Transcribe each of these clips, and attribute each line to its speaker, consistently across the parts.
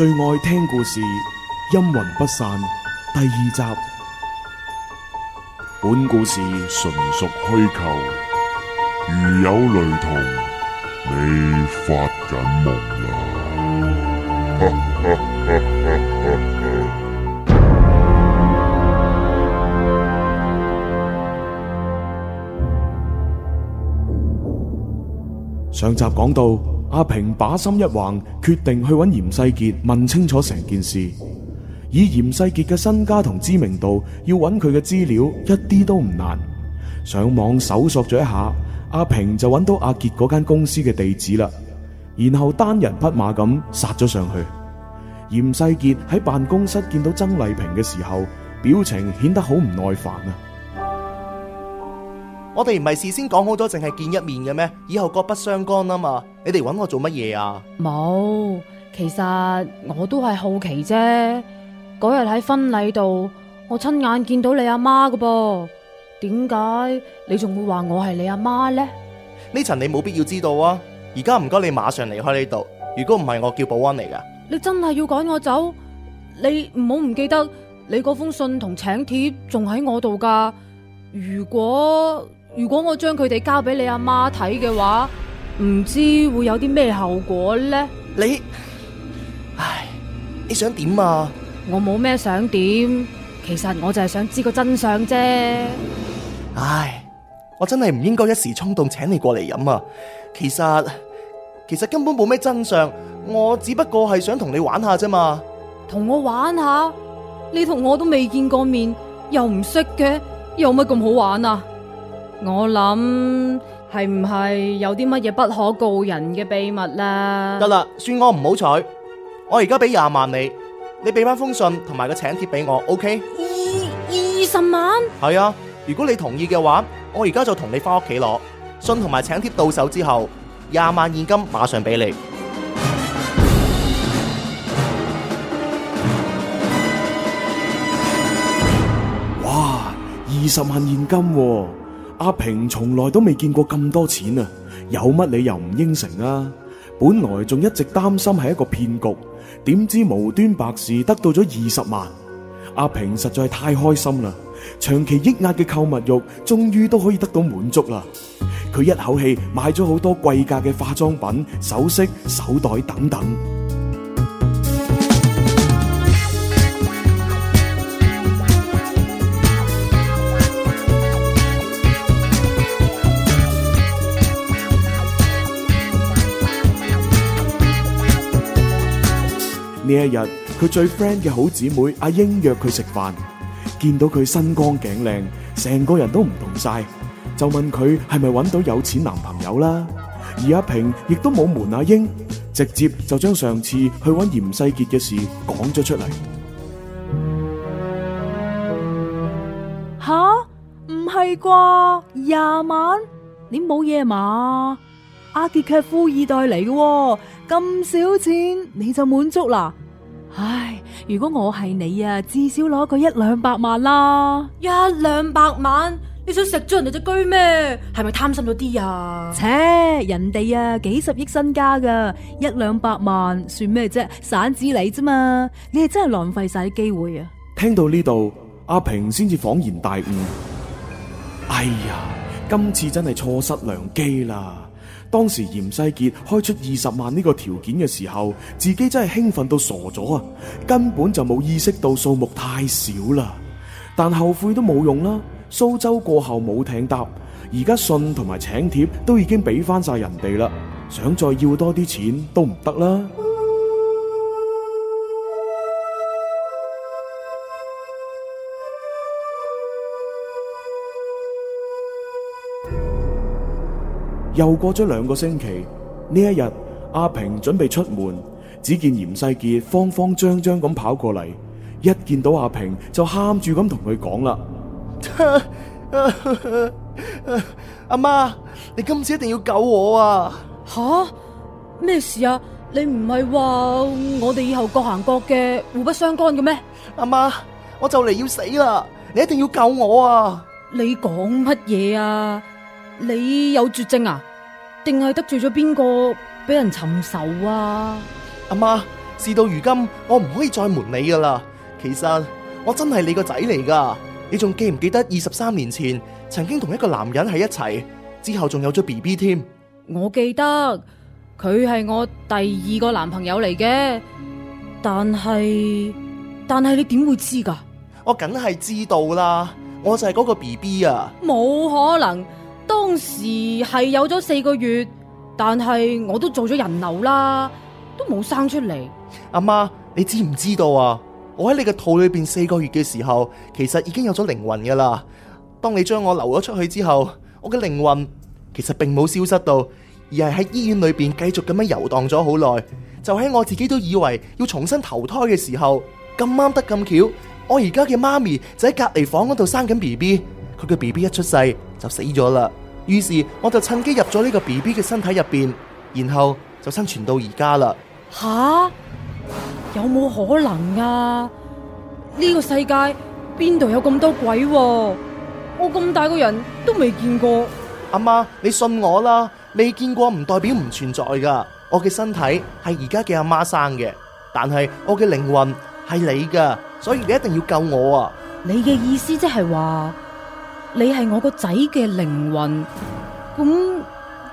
Speaker 1: 最愛聽故事，陰魂不散，第二集。本故事純屬虛構，如有雷同，你發緊
Speaker 2: 夢啦！
Speaker 1: 上集講到。阿平把心一橫，決定去揾嚴世傑問清楚成件事。以嚴世傑嘅身家同知名度，要揾佢嘅資料一啲都唔難。上網搜索咗一下，阿平就揾到阿傑嗰間公司嘅地址啦，然後單人匹馬咁殺咗上去。嚴世傑喺辦公室見到曾麗萍嘅時候，表情顯得好唔耐煩啊。
Speaker 3: 我哋唔係事先講好咗淨係見一面嘅咩？以後各不相干啊嘛！你哋揾我做乜嘢啊？
Speaker 4: 冇，其實我都係好奇啫。嗰日，喺婚禮度，我親眼見到你阿媽嘅噃。點解你仲會話我係你阿媽呢？
Speaker 3: 呢層你冇必要知道啊！而家唔該你馬上離開呢度。如果唔係我叫保安嚟噶。
Speaker 4: 你真係要趕我走？你唔好唔記得，你嗰封信同請帖仲喺我度噶。如果如果我將佢哋交俾你阿媽睇嘅話，唔知會有啲咩後果咧？你唉，你想點啊？我冇咩想點，其實我就係想知個真相啫。唉，
Speaker 3: 我真係唔應該一時衝動，請你過嚟飲啊。其實其實根本冇咩真相，我只不過係想同你玩下啫嘛。
Speaker 4: 同我玩下？你同我都未見過面，又唔識嘅，有乜咁好玩啊？我諗係唔係有啲乜嘢不可告人嘅秘密啦？得啦，
Speaker 3: 算我唔好彩，我而家俾廿萬你，你俾翻封信同埋個請帖俾我，OK？二
Speaker 4: 二十萬？
Speaker 3: 係啊，如果你同意嘅話，我而家就同你翻屋企攞信同埋請帖到手之後，廿萬現金馬上俾你。
Speaker 1: 哇，二十萬現金喎啊！阿平從來都未見過咁多錢啊，有乜理由唔應承啊？本來仲一直擔心係一個騙局，點知無端白事得到咗二十萬，阿平實在太開心啦！長期抑壓嘅購物慾，終於都可以得到滿足啦！佢一口氣買咗好多貴價嘅化妝品、首飾、手袋等等。呢一日佢最 friend 嘅好姊妹阿英約佢食飯，見到佢身光頸靚，成個人都唔同晒，就問佢係咪揾到有錢男朋友啦。而阿平亦都冇瞞阿英，直接就將上次去揾嚴世杰嘅事講咗出嚟。
Speaker 4: 吓，唔係啩？廿萬你冇嘢嘛？阿杰係富二代嚟嘅，咁少錢你就滿足啦？唉，如果我係你啊，至少攞佢一兩百萬啦！一兩百萬，你想食咗人哋隻車咩？係咪貪心咗啲啊？切，人哋啊幾十億身家㗎，一兩百萬算咩啫？散紙你啫嘛，你係真係浪費晒啲機會啊！
Speaker 1: 聽到呢度，阿平先至恍然大悟。哎呀，今次真係錯失良機啦！當時嚴世傑開出二十萬呢個條件嘅時候，自己真係興奮到傻咗啊！根本就冇意識到數目太少啦。但後悔都冇用啦。蘇州過後冇艇搭，而家信同埋請帖都已經俾翻晒人哋啦，想再要多啲錢都唔得啦。又過咗兩個星期，呢一日阿平準備出門，只見嚴世杰慌慌張張咁跑過嚟，一見到阿平就喊住咁同佢講啦，
Speaker 4: 阿媽，你今次一定要救我啊！吓？咩事啊？你唔係話我哋以後各行各嘅，互不相干嘅咩？阿媽，我就嚟要死啦，你一定要救我啊！你講乜嘢啊？你有絕症啊？.定係得罪咗邊個俾人尋仇啊？阿媽，媽，事到如今，我唔可以再瞞你噶啦。其實
Speaker 3: 我真係你個仔嚟噶。你仲記唔記得二十三年前曾經同一個男人喺一齊，之後仲有咗 BB 添？
Speaker 4: 我記得佢係我第二個男朋友嚟嘅，但係但係你點會知噶？
Speaker 3: 我梗係知道啦，我就係嗰個 BB 啊，
Speaker 4: 冇可能。當時係有咗四個月，但係我都做咗人流啦，都冇生出嚟。
Speaker 3: 阿媽，你知唔知道啊？我喺你嘅肚裏邊四個月嘅時候，其實已經有咗靈魂噶啦。當你將我流咗出去之後，我嘅靈魂其實並冇消失到，而係喺醫院裏邊繼續咁樣遊蕩咗好耐。就喺我自己都以為要重新投胎嘅時候，咁啱得咁巧，我而家嘅媽咪就喺隔籬房嗰度生緊 BB，佢嘅 BB 一出世就死咗啦。於是我就趁機入咗呢個 BB 嘅身體入邊，然後就生存到而家啦。
Speaker 4: 吓，有冇可能啊？呢個世界邊度有咁多鬼啊？我咁大個人都未見過。
Speaker 3: 阿媽，你信我啦，未見過唔代表唔存在噶。我嘅身體係而家嘅阿媽生嘅，但係我嘅靈魂係你噶，所以你一定要
Speaker 4: 救我啊！你嘅意思即係話？你係我個仔嘅靈魂，咁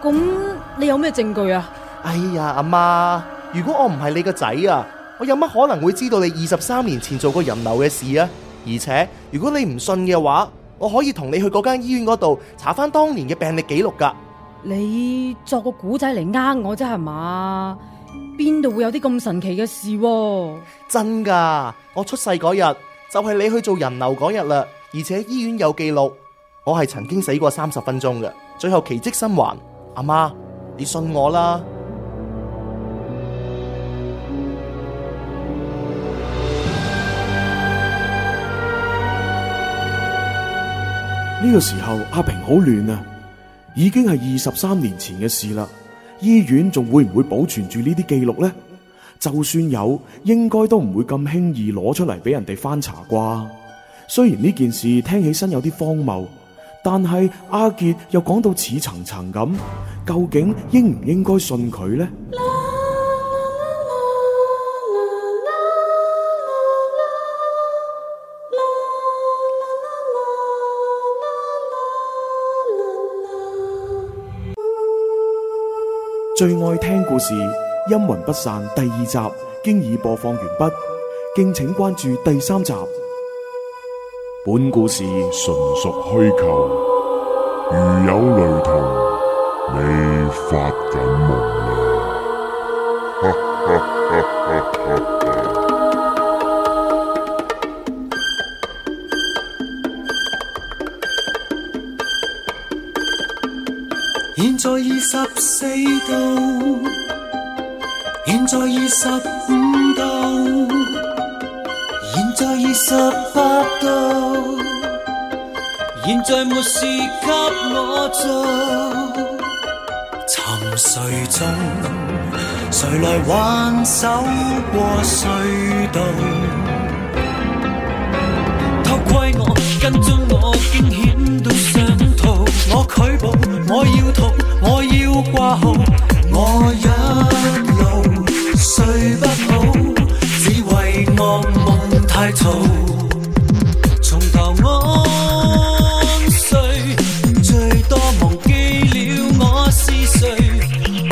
Speaker 4: 咁你有咩證據啊？哎呀，阿媽，
Speaker 3: 如果我唔係你個仔啊，我有乜可能會知道你二十三年前做過人流嘅事啊？而且如果你唔信嘅話，我可以同你去嗰間醫院嗰度查翻當年嘅病歷記錄噶。
Speaker 4: 你作個古仔嚟呃我啫係嘛？邊度會有啲咁神奇嘅事？真噶，我出世嗰日
Speaker 3: 就係你去做人流嗰日啦，而且醫院有記錄。我係曾經死過三十分鐘嘅，最後奇蹟生還。阿媽，你信我啦！
Speaker 1: 呢個時候，阿平好亂啊！已經係二十三年前嘅事啦。醫院仲會唔會保存住呢啲記錄呢？就算有，應該都唔會咁輕易攞出嚟俾人哋翻查啩。雖然呢件事聽起身有啲荒謬。但係阿杰又講到似層層咁，究竟應唔應該信佢呢？《最愛聽故事》陰魂不散第二集，經已播放完畢，敬請關注第三集。本故事純屬虛構，如有
Speaker 2: 雷同，你發緊夢啦！ 現在二十四度，現在二十五度。二十八度，現在沒事給我做。沉睡中，誰來挽手過隧道？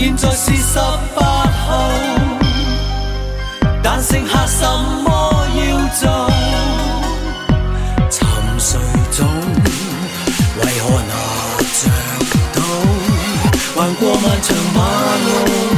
Speaker 2: 現在是十八號，但剩下什麼要做？沉睡中，為何拿着刀，橫過漫長馬路？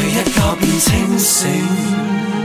Speaker 2: 睡一覺便清醒。